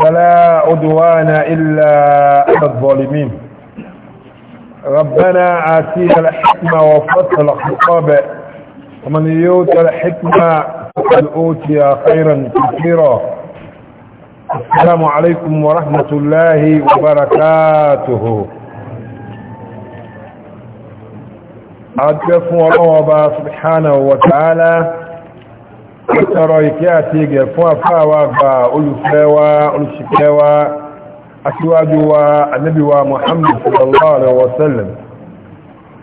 فلا عدوان إلا على الظالمين ربنا آتينا الحكمة وفتح الخطاب ومن يؤت الحكمة فقد أوتي خيرا كثيرا السلام عليكم ورحمة الله وبركاته أعطيكم الله سبحانه وتعالى ìtọrọ ìkẹ́ àti ìgẹ̀ fún àfáàwà gba olùfẹ́wà olùṣìkẹ́wà aṣíwájú wa anábíwa Muhammad sallallahu alaihi wasallam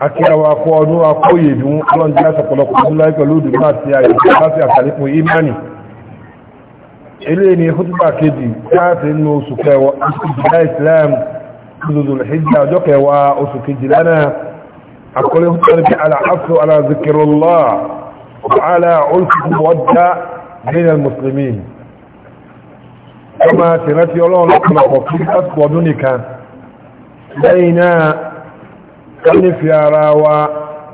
akíyàwó akọ ọdún akóyè dún ọlọ́njẹ́ àṣọpọ̀lọpọ̀ ọdún láìpẹ́ lóòdù náà ti ayé láti àtàlẹ́kùn imani ilé ni hútùbà kejì láti inú oṣù kẹwàá islam ọjọ́ kẹwàá oṣù kejìlá náà akọlẹ̀ hútùbà وعلى علف مودة من المسلمين كما تنتي الله لكنا وفيقت ودنك بين كنف يراوى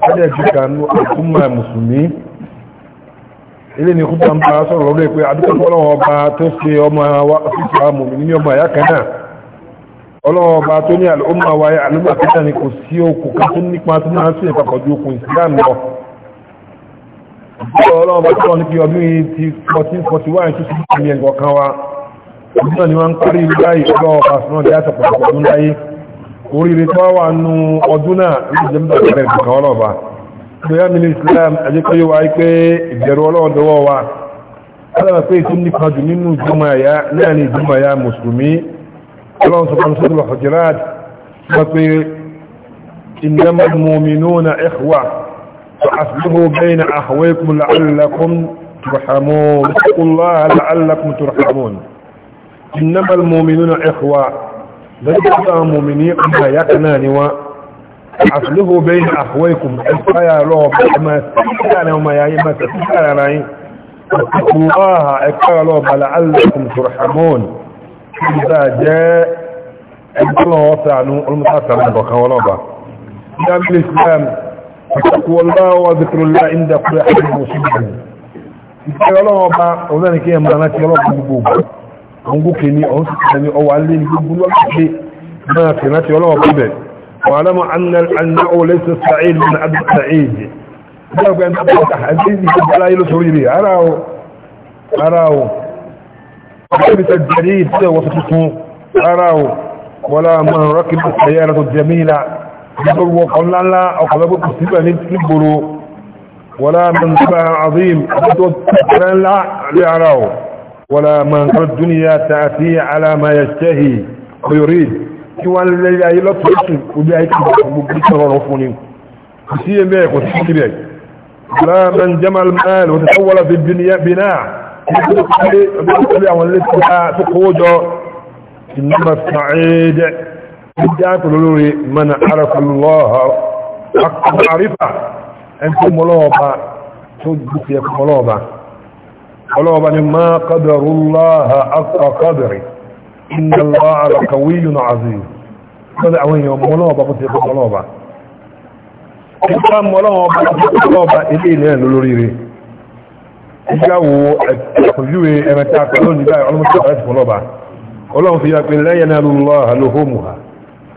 كذلك الأمة المسلمين ilé ni kúta ń bá sọ̀rọ̀ lórí pé àdúgbò ọlọ́wọ́ ọba tó ṣe ọmọ fífà mùmí ní ọmọ ìyá kan náà ọlọ́wọ́ ọba tó ní àlùmọ̀ wáyé àlùmọ̀ kíkà ni kò sí okùn tó nípa tó máa ń sìn ìpapọ̀jú okùn ìsìlámù ọlọ́run bá tọ́lọ́ ní kí ọdún yìí ti 1441 tó sì ní ẹ̀gọ̀ kan wa ọdún náà ni wọ́n ń kárí láyé ọlọ́run pàṣán ní àtọ̀ pọ̀lọpọ̀ ọdún láyé oríire tó wà nù ọdún náà ní ìjẹ́mú tàbí ẹ̀gọ̀ kan ọlọ́ba lóyá mi ní Islam ajẹ́kọ́yé wa pé ìbẹ̀rù ọlọ́run dọwọ́ wa alábà pé ìtún ní kan jù nínú ìjọmọ̀ àyá náà ní ìjọmọ̀ àyá mùsùlùmí ọlọ́run sọ fún sọ́dọ̀ ìnama al-mu'minuna ikhwa فأصلحوا بين أخويكم لعلكم ترحمون اتقوا الله لعلكم ترحمون إنما المؤمنون إخوة ذلك المؤمنين أما يكنان فأصلحوا بين أخويكم إخوة رب ما سيئان وما يأيما سيئان رأي اتقوا الله إخوة رب لعلكم ترحمون إذا جاء الله وطعنوا المتحسن بك ولبا نعم الإسلام تقوى الله وذكر الله عند كل أحد مسلم ìpẹ́ ọlọ́wọ́ bá ọ̀rẹ́ni kí ẹmọ aláti ọlọ́pù gbogbo ọ̀n gúkè ní ọ̀n síkẹ̀ ní ọwà lè ní gbogbo lọ́pùpẹ́ náà fi láti ọlọ́wọ́ bẹ̀bẹ̀ wà lọ́mọ وقلنا لا أقلب ولا من سبع عظيم لا لعراو ولا من ترى الدنيا تأتي على ما يشتهي ويريد كوان الذي لا تحسن وبيعي مبكر ورفوني بيك وتحسي بيك ولا من جمع المال وتحول في الدنيا بناع يقول لي أولا تقوجه إنما السعيد ادعت لولي من عرف الله حق معرفه انت ملوبا تجد يا ملوبا ملوبا ما قدر الله حق قدري ان الله لقوي عظيم هذا اوين يوم ملوبا بطيق ملوبا كتام ملوبا ملوبا الين لين لولي جاءوا اتخذوا امتاك اللون جاء علم التعرف ملوبا ولو في ياك لا ينال الله لهمها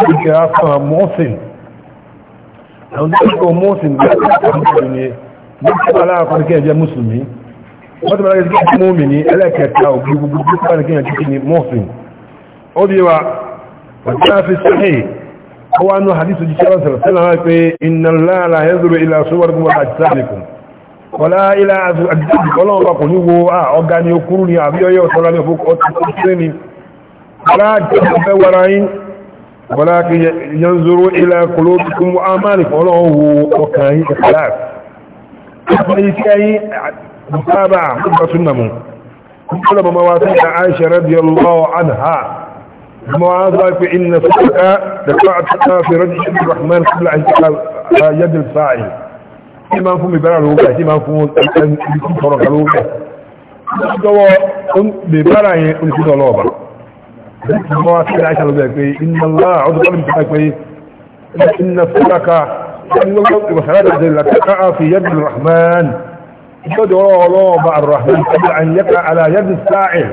ìgbẹ́ afọ́nà mọ́sìn àwọn ìgbẹ́ mọ́sìn gbẹ́gbẹ́ mùsùlùmí wọ́n tó bá rẹ̀ sí mọ́mí ní ẹlẹ́kẹta ògbí gbogbo pípa ní kíyàn jíkí ní mọ́sìn ó bí wa wàtí fi sahih ó wá nú hadithu jíkí ọ̀rọ̀ sọ̀rọ̀ sẹ́lá wá pé inna Allaha la yanzuru ila suwarikum wala ajsamikum wala ila àjíjáàbìkù ọlọ́run bá kò ní wo ọ̀gá ni ó kúrú ni àbí ọyọ́ ọ̀tọ́ra ní ọ̀fọ́kọ́ ọ̀tọ́ ولكن ينظر إلى قلوبكم وأعمالكم ولو وكاهي إخلاف فإيكاهي متابعة مبا سنمو كل مواسيح عائشة رضي الله عنها المواضع في إن صدقة دفعت في رجل الرحمن قبل أن تقال يد الفاعل كما فهم بلع الوقت إما فهم الكفر الوقت دواء ببلع يكون في ضلوبة إن الله عز وجل ذاك إن فلك إن الله بخلاف تقع في يد الرحمن يدعو الله مع الرحمن قبل أن يقع على يد الساعر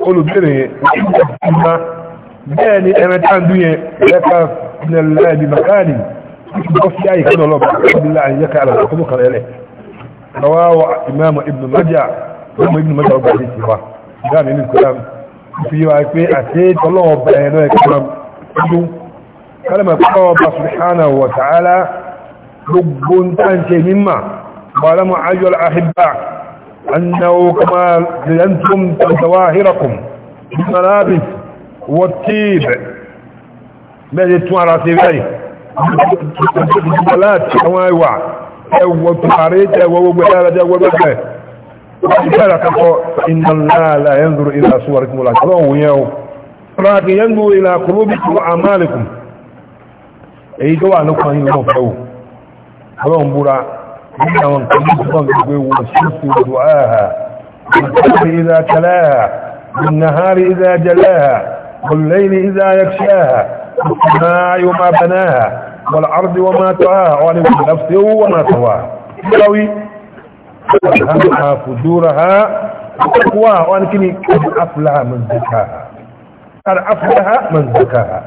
قولوا بره إما باني أنا كان دوية لك من الله بمكان وفي أي كان الله قبل أن يقع على الحقوق إليه رواه إمام ابن مجع ثم ابن مجع وبعد الاتفاق كان من الكلام في واقفين اتيت الله وبعينا الكلام كلمة الله سبحانه وتعالى رب تانشي مما ظلم عجو الأحباء أنه كما لأنتم تظواهركم بالملابس والطيب ما جدتم على سبعي الجبلات كما يوع أول تحريت أول بحالة أول إن الله لا ينظر إلى صوركم ولا كلام ويو راك ينظر إلى قلوبكم وأعمالكم أي جوا نقوم ينفعو كلام برا إنا ونقلوب صنعك ونسلسل دعاها ونقلوب إذا تلاها بالنهار إذا جلاها والليل إذا يكشاها والسماء وما بناها والأرض وما تعاها وعلم ونفسه وما تواها ألهمها فجورها وتقواها وأنا كني قد أفلها من زكاها قد أفلها من زكاها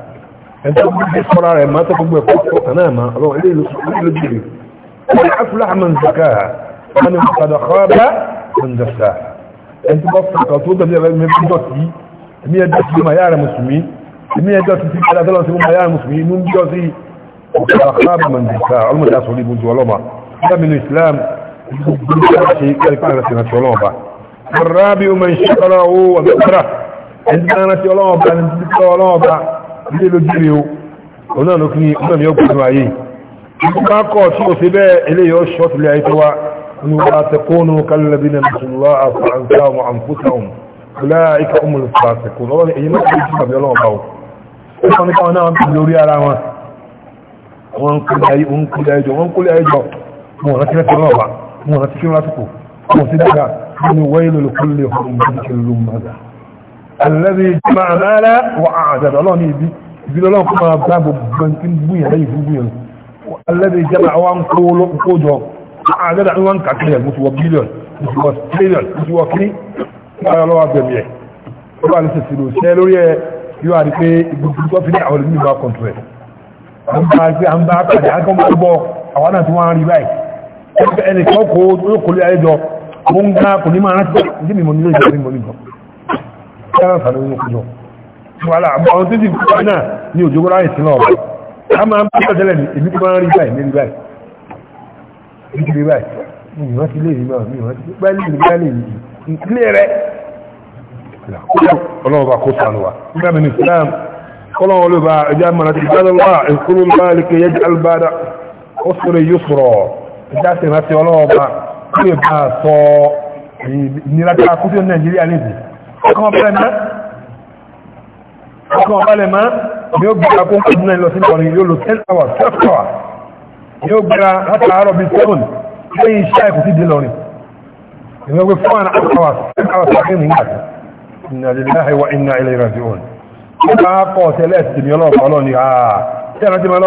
أنت تقول الصلاة ما تقول بفوق تناما الله إليه لجري قد أفلح من زكاها أنا قد خاب من زكاها أنت بس قصودة من بدوتي مية دوتي ما يعلم مسلمين مية دوتي في على ثلاثة ما يعلم مسلمين من دوتي وقد خاب من زكاها علم الأسولي بنت ولما هذا من الإسلام شيء كالفعل سنة شلوبة الرابع من شكره وذكره عندنا شلوبة عندنا شلوبة lílo jíri o òun náà ló kí ọmọ mi ó gbọ́nà ayé ìgbà kọ̀ tí ó sì bẹ́ẹ̀ eléyìí ó ṣọ́ tilẹ̀ ayé tó wá ní wọ́n àtẹkónú kálẹ̀bí ní mùsùlùmá àfàǹsá ọmọ àǹfúsà òun kùlá ikọ̀ ọmọ olùfàṣẹkùn lọ́wọ́ èyí náà kí ó tàbí ọlọ́wọ́ bá o ó sọ nípa wọn náà ń pèlè orí ara wọn wọn ń kúlẹ̀ ayé jọ wọn ń kúlẹ̀ ayé jọ wọn rántí lẹ́sẹ̀ náà mo rántí kí lásìkò mo sì dára nínú wáyìlú lùkúlẹ̀ ọ̀hún bí kí ló máa dà alẹ́bí jẹ́mà àmàlà wà àdàdà ọlọ́run ní ibi ibi lọ́lọ́run kó máa bá gbogbo tí ń gbìyàn lẹ́yìn fún gbìyàn alẹ́bí jẹ́mà wa ń kó lọ́kójọ àdàdà ni wọ́n ń kàkiri mo ti wọ bílíọ̀n mo ti wọ tírílíọ̀n mo ti wọ kiri báyọ̀ lọ́wọ́ abẹ́mi ẹ̀ ó bá ní sèṣì lò ṣẹ́ lórí ẹ yóò àrí pé gbogbo tó fi ní àwọn olùmí ẹgbẹ́ ẹni tó kó olókòlé ayéjọ mo ń gá kò ní máa rántí ní mímọ̀ nílé ìjọba mímọ̀ níjọ ẹran sàrẹ ní òkújọ wàhálà àwọn tó ti fi kọ́ náà ní òjò wọ́n ráyè sílọ̀ ọ̀bọ̀ a máa ń bí ọ̀tẹ́lẹ̀ ní èmi tó máa ń rí báyìí mérí báyìí èmi ti rí báyìí mi ìwọ́n ti lé èmi máa mi ìwọ́n ti lé báyìí lè báyìí lè ó sọ̀rọ̀ yóò sọ̀rọ̀ ìjáṣe ìrántí ọlọ́ọ̀bá kí lè bá sọ ìnira kúrò nàìjíríà lè dì ọkàn ọ̀bálẹ̀ máa ni ó gbára kó ń kọjú náà lọ sí ìkọrin yóò lò 10 hours 12 hours yóò gbára láti àárọ̀ bí 7 lẹ́yìn iṣẹ́ ẹ̀kù sí dé lọrin ìwọ́n gbé 4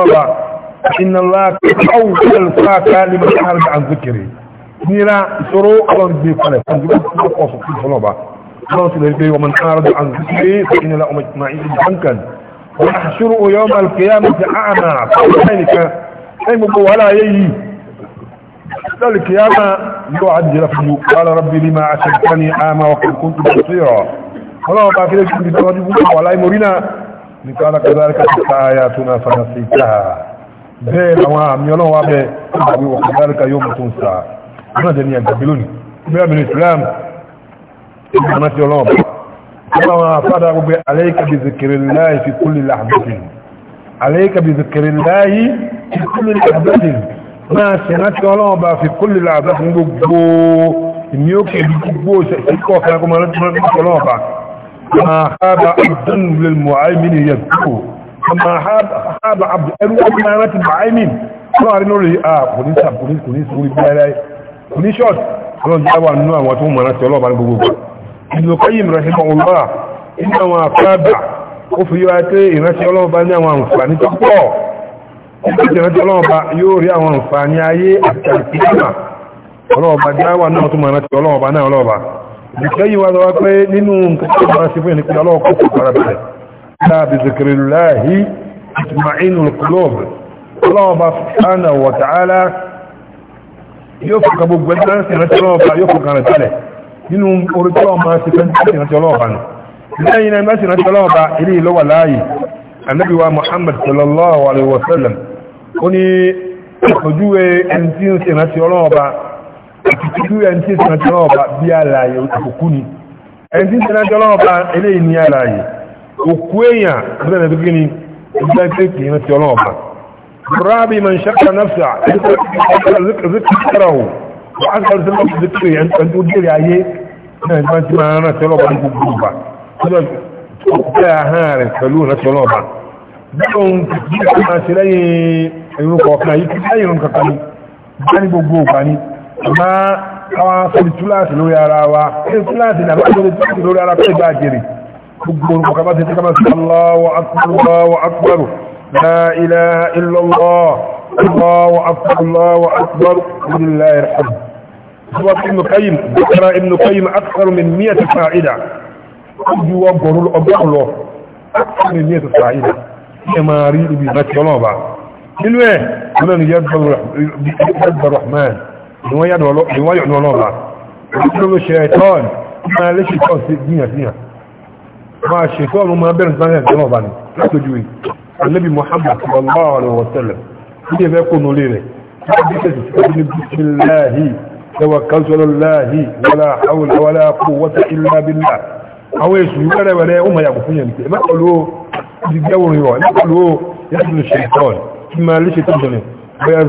hours إن الله أول فاكا لمن حارج عن ذكره نيرا سرو الله ربي قلب فنجبت أقوص في الصلوبة الله ربي ومن حارج عن ذكره فإن لا أمجمعين جنكا ونحشره يوم القيامة أعمى فذلك أي مبوهلا يي ذلك يا ما يوعد جلفه قال ربي لما أشدتني أعمى وقد كنت بصيرا الله ما كده أن يتواجبه ولا يمرنا لقال كذلك تلك آياتنا فنسيتها bẹ́ẹ̀ àwọn àmì ọlọ́wọ́ abẹ́ ìgbàgbé wọ̀ kàdáríkà yóò mú tó ń sà náà dẹni àgbàgbé lónìí bẹ́ẹ̀ mìíràn islam ìgbàna ti ọlọ́wọ́ bá àwọn afádà gbogbo alayka bi zikrillahi fi kulli lahdatin bá fi kulli lahdatin gbogbo ìmí òkè àmà àbà àbù ẹrú ọdún máa rántí bàáìmìn láàrin lórí àpòlísà pòlísà orí bẹ́ẹ̀rẹ́ oníṣọ́t ọlọ́dúnláwà nínú àwọn tó mọ̀ rántí ọlọ́ọ̀bá ní gbogbo ìlúkọ́yìn rahim ọlọ́à inú àwọn àfáàbà ó fi yíwa pé ìrántí ọlọ́ọ̀bá ní àwọn àǹfààní tó pọ̀ ìrántí ìrántí ọlọ́ọ̀bá yóò rí àwọn àǹfààní ayé àti àkíyàmà ọlọ́ọ̀bá dáwà náà tó mọ̀ rántí ọlọ́ọ̀bá náà ọlọ́ọ̀bá ìlúkọ́yìn wa lọ pé nínú nǹkan tó máa ṣe fún ìrìnkú ọlọ́ọ̀kọ́ لا بذكر الله تطمئن القلوب الله سبحانه وتعالى يفك ابو بدر سنتلوب يفك انا تله nínú orí tí wọ́n máa ti fẹ́ ìrántí ọlọ́ọ̀bá nù lẹ́yìn náà mẹ́sìn ìrántí ọlọ́ọ̀bá ilé ìlọ́wà láàyè anábíwá Muhammad sallallahu alaihi wasallam ó ní ojúwe ẹni tí ń ṣe ìrántí ọlọ́ọ̀bá ojúwe ẹni tí ń ṣe ìrántí ọlọ́ọ̀bá bí alààyè òkú ni ẹni tí ń ṣe ìrántí ọlọ́ọ̀bá eléyìí ní alààyè òkú èèyàn gbẹ́nà tó gíní ẹgbẹ́ tẹ́kì ní ti ọlọ́ọ̀bà rábí man ṣakka nafsa zikirahu wa an karfi lafi zikiri yan tó gírí ayé náà ìgbà tí máa rán tẹ́lọ́ bá ń gbogbo bá tẹ́lọ́ ọkùnrin ahán rẹ̀ pẹ̀lú rẹ̀ tẹ́lọ́ bá bẹ́ẹ̀ ń kí ní máa ṣe lẹ́yìn irun kọ̀ọ̀kan yìí gbogbo kaba ti kaba sí Allahu akbar Allahu الله la ilaha illallah Allahu akbar Allahu akbar alhamdulillah irham سورة ابن قيم ذكر ابن قيم أكثر من مئة فائدة أجوا برول أبوه أكثر من مئة فائدة كما ريد بذات يلوبا إلوه هنا يد الرحمن نوايا نولوبا ويقول الشيطان ما ليش يتوسط دينا فيها máa ṣètò ọ̀run máa bẹ̀rẹ̀ sáyẹ̀ ìjọba ọba ni látòjúwe alẹ́bí muhammad sallallahu alaihi wa sallam ní ẹ̀fẹ́ kó nulé rẹ̀ bíkẹ́sì tẹ́lẹ̀ ní bisimilahi tawakkaltu alallahi wala hawla wala quwwata illa billah àwọn èsù yìí wẹ́rẹ́ wẹ́rẹ́ ó máa yàgò fún yẹn ẹ̀ mẹ́kọ̀ ló ti gẹ́wò rìn wọ̀ ẹ̀ mẹ́kọ̀ ló yàtọ̀ lè ṣe ìtọ́ kí máa lè ṣe tó jẹ́ bẹ̀rẹ̀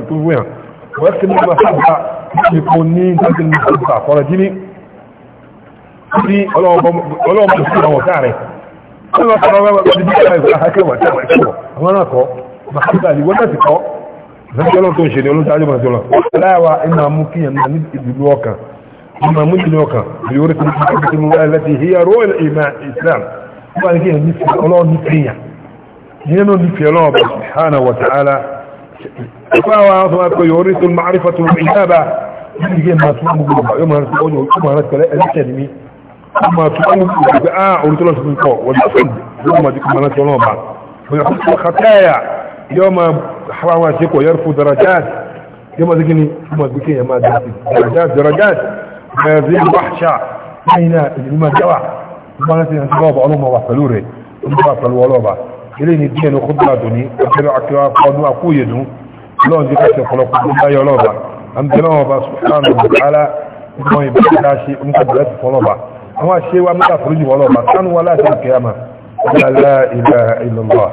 sí ويكتب المحبة يكونين تلك المحبة فرجيني في ولو مسكين هو تعرف أنا أقول لك أنا أقول لك أنا أقول لك أنا أقول محبة لي ولا تقع ذلك يلون تنشيني يلون تعجب أن تقول لا وإنها ممكن أن نجد الواقع إما مجد الواقع بيورث المحبة المرأة التي هي روح الإيمان الإسلام وأنا كي نفسي الله نفسي هنا نفسي الله سبحانه وتعالى فهو أصبحت يورث المعرفة والإجابة يجي ما تقوم يوم هرس الأوجه يوم هرس كلاء الأكاديمي ثم تقوم بآه أولي تلوش من قوة والأصل يوم ديك ما نسي الله بعد ويحط الخطايا يوم حرام شيك ويرفو درجات يوم ذكني ثم ذكني ما درجات درجات هذه الوحشة هنا ما جوا ما نسي أنت بابا علوم وحفلوري وحفل ولوبا eléyìí ni díẹ̀ ní kúbúlà tó ní ọjọ́ akẹ́wà fọdún àkóyè dùn lọ́wọ́n ti kàṣẹ ọ̀pọ̀lọpọ̀ tó bá yọ lọ́ọ̀bà àǹtẹ̀lẹ́ wọn bá sùkúránù bàálà ìgbọ́n ìbílẹ̀ ṣe oníkàbílẹ̀ ti fọlọ́ọ̀bà àwọn àṣẹ wa mẹ́ta foríjì